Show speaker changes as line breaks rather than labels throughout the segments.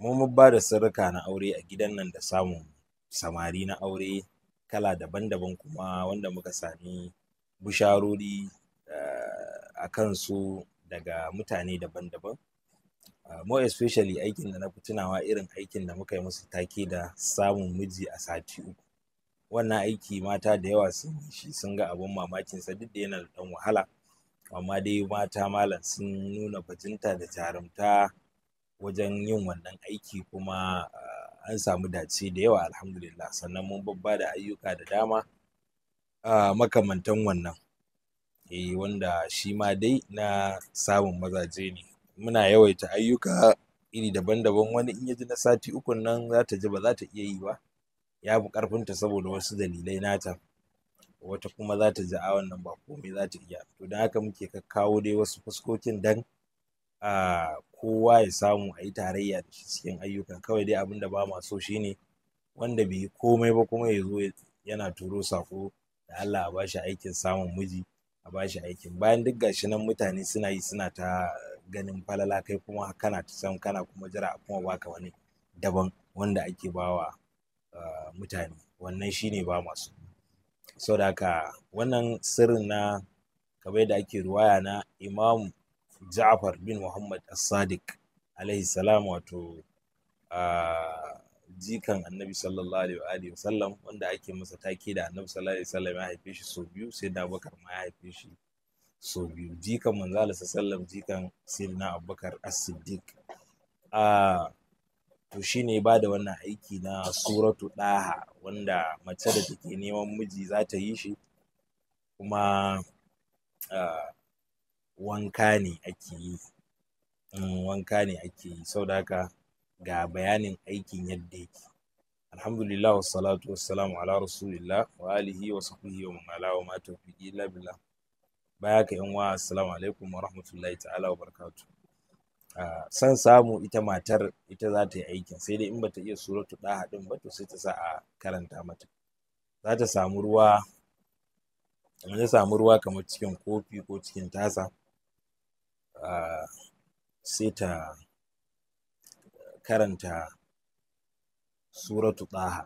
mu mun ba da sirrika na aure a gidan nan da samun samari na aure kala daban-daban kuma wanda muka sami bisharori eh, a kansu daga mutane daban-daban eh, more especially aikin da na fi tunawa irin aikin da muka yi musu take da samun miji a sati uku wannan aiki mata da yawa sun yi shi sun ga abin sa duk da yana da ɗan wahala amma dai mata malam sun nuna bajinta da jarumta wajen yin wannan aiki kuma ah, an samu dace da yawa alhamdulillah sannan mun babba da ayyuka da dama a ah, makamantan wannan eh wanda shi ma dai na samun mazaje ne muna yawaita ayyuka iri daban-daban wani in ya ji na sati ukun nan za ta ji ba za ta iya yi ba ya fi ƙarfinta saboda wasu dalilai nata wata kuma za ta ji a wannan ba komai za ta iya to don haka muke kakkawo dai wasu fuskokin dan kowa ya samu a yi tarayya da shi cikin ayyuka kawai dai abin da ba ma so ne wanda bai yi komai ba kuma ya zo yana turo sako da Allah a bashi aikin samun miji a bashi aikin bayan duk gashi nan mutane suna yi suna ta ganin falala kai kuma kana ta san kana kuma jira a kuma baka wani daban wanda ake bawa mutane wannan shine ba masu saboda haka wannan sirrin na kamar yadda ake ruwaya na imamu Ja'far bin Muhammad As-Sadiq alaihi salam wato jikan annabi sallallahu alaihi wa sallam wanda ake masa take da annabi sallallahu alaihi sallam ya haife shi sau biyu sai da Abubakar ma ya haife shi sau biyu jikan manzo Allah sallallahu jikan sayyidina Abubakar As-Siddiq a to shine ba da wannan aiki na suratu daha wanda mace da take neman miji za ta yi shi kuma wanka ne ake yi mm, wanka ne ake yi sau da haka ga bayanin aikin yadda yake alhamdulillah wassalatu wassalamu ala rasulillah wa alihi wa sahbihi wa man ala wa ma tawfiqi illa billah baya ka yan wa assalamu alaikum wa rahmatullahi ta'ala wa barakatuh ah, san samu ita matar ita za ta yi aikin sai dai in bata iya suratu daha haɗin ba to sai ta sa a karanta mata za ta samu ruwa in samu ruwa kamar cikin kofi ko cikin tasa sai ta karanta suratu ɗaha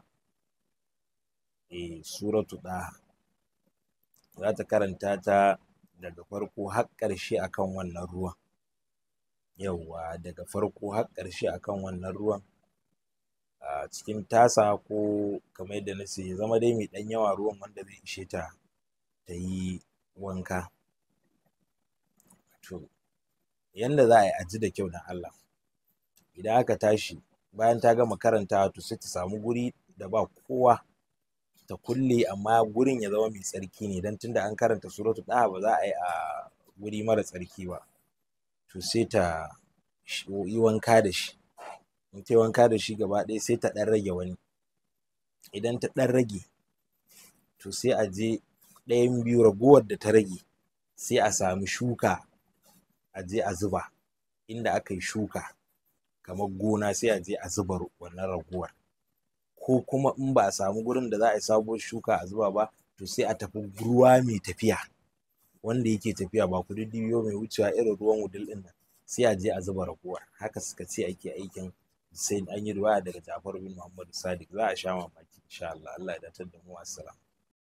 eh suratu ɗaha za ta karanta ta daga farko har ƙarshe akan wannan ruwan yauwa daga farko har ƙarshe akan wannan ruwan a cikin tasa ko kamar yadda na ce zama dai mai ɗan yawa ruwan wanda zai ishe ta ta yi wanka yanda za a yi a ji da kyau don Allah idan aka tashi bayan ta gama karantawa to sai ta samu guri da ba kowa ta kulle amma gurin ya zama mai tsarki ne don tunda an karanta suratu ɗaya ba za a yi a guri mara tsarki ba to sai ta yi wanka da shi in ta yi wanka da shi gaba ɗaya sai ta ɗan rage wani idan ta ɗan rage to sai a je ɗayan biyu ragowar da ta rage sai a samu shuka a je a zuba inda aka yi shuka kamar gona sai a je a zuba wannan raguwar ko kuma in ba a samu gurin da za a yi sabuwar shuka a zuba ba to sai a tafi ruwa mai tafiya wanda yake tafiya ba kududdiyo mai wucewa irin ruwan wudil din nan sai a je a zuba raguwar haka suka ce ake aikin sai an yi ruwa daga Ja'far bin Muhammad Sadiq za a sha mamaki insha Allah Allah ya datar da mu assalamu